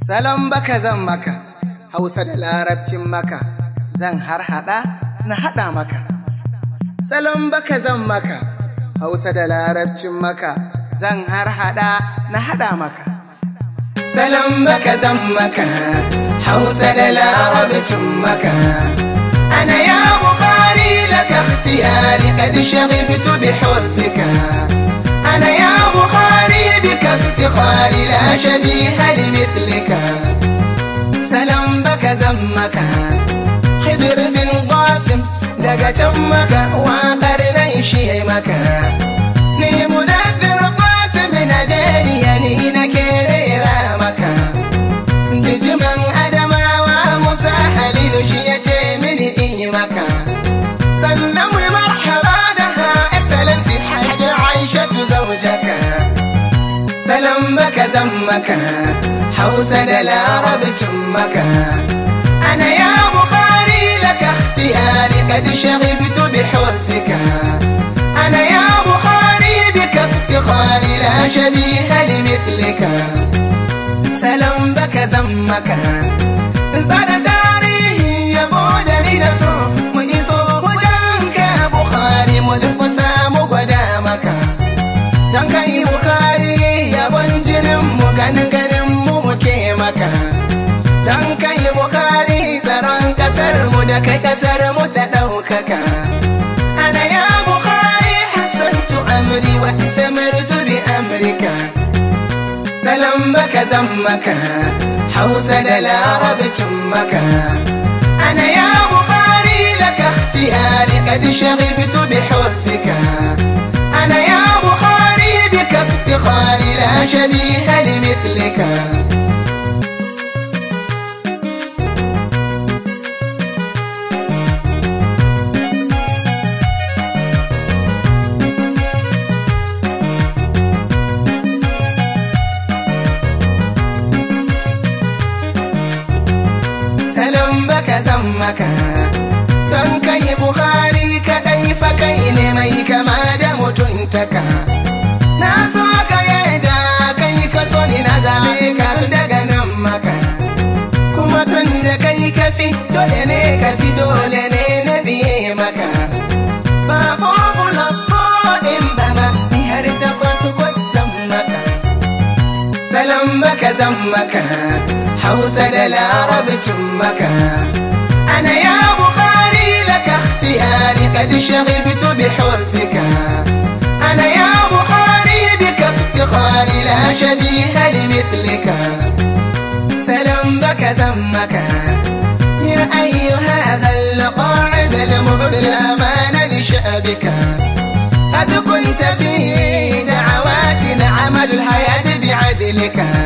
سلام بكا زم مكا هاو سد العرب تيم مكا زن هر حدا نحدا مكا سلام بكا زم مكا هاو سد العرب تيم مكا زن هر حدا نحدا مكا سلام بكا زم مكا هاو سد العرب تيم مكا أنا يا بخاري لك اختياري قد شغبت بحبك الفخار لا شبيه لمثلك سلام بك زمك خضر بن قاسم دقة مك وآخر نيشي مكان زمك حوس دلا رب جمك أنا يا بخاري لك اختياري قد شغبت بحبك أنا يا بخاري بك افتخاري لا شبيه لمثلك سلام بك زمك زاد mu kare tsaron kasar mu da kai kasar mu ta ɗaukaka ana ya bukhari hassantu amri wa tamartu bi amrika salam baka zan maka hausa da larabcin maka ana ya bukhari laka ikhtiyari qad shaghibtu bi hubbika ana ya bukhari bika iftikhari la shabiha li mithlika haka zan maka don kai buhari kaɗai fa kai ne mai kama da mutuntaka na so ka yadda kai ka so ni na zaɓe ka daga nan maka kuma tun da kai ka fi dole ne ka fi dole ne na biye maka ba ko ɗin ba ni har ta kwasu kwasan maka salam baka zan maka hausa da larabcin maka أنا يا بخاري لك اختياري قد شغبت بحبك أنا يا بخاري بك افتخاري لا شبيه لمثلك سلام بك ذمك يا أيها ذا القاعد المغذي الأمانة لشأبك قد كنت في دعوات عمل الحياة بعدلك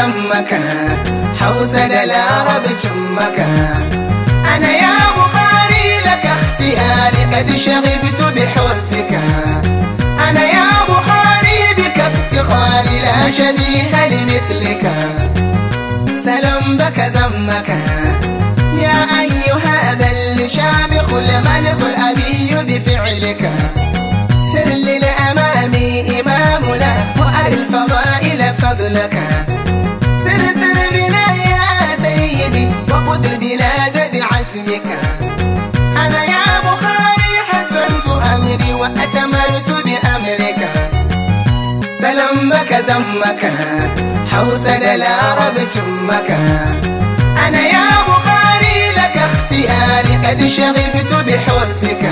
دمك حوس دلا رب جمك أنا يا بخاري لك اختياري قد شغبت بحبك أنا يا بخاري بك افتخاري لا شبيه لمثلك سلام بك دمك يا أيها ذا الشامخ الملك الأبي بفعلك سر للأمام إمامنا وأر الفضائل فضلك حبيبي وقود البلاد بعزمك أنا يا بخاري حسنت أمري وأتممت بأمرك سلمك زمك حوصل العرب تمك أنا يا بخاري لك اختياري قد شغبت بحبك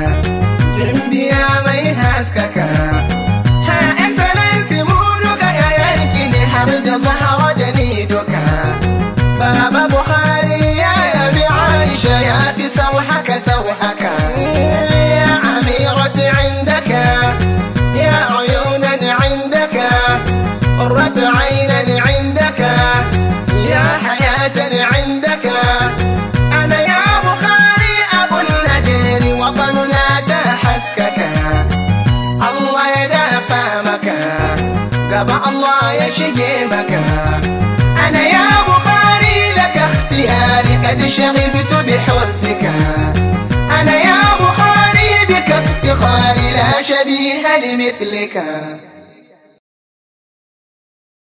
time تبع الله يا شقي أنا يا بخاري لك اختياري قد شغبت بحبك أنا يا بخاري بك افتخاري لا شبيه لمثلك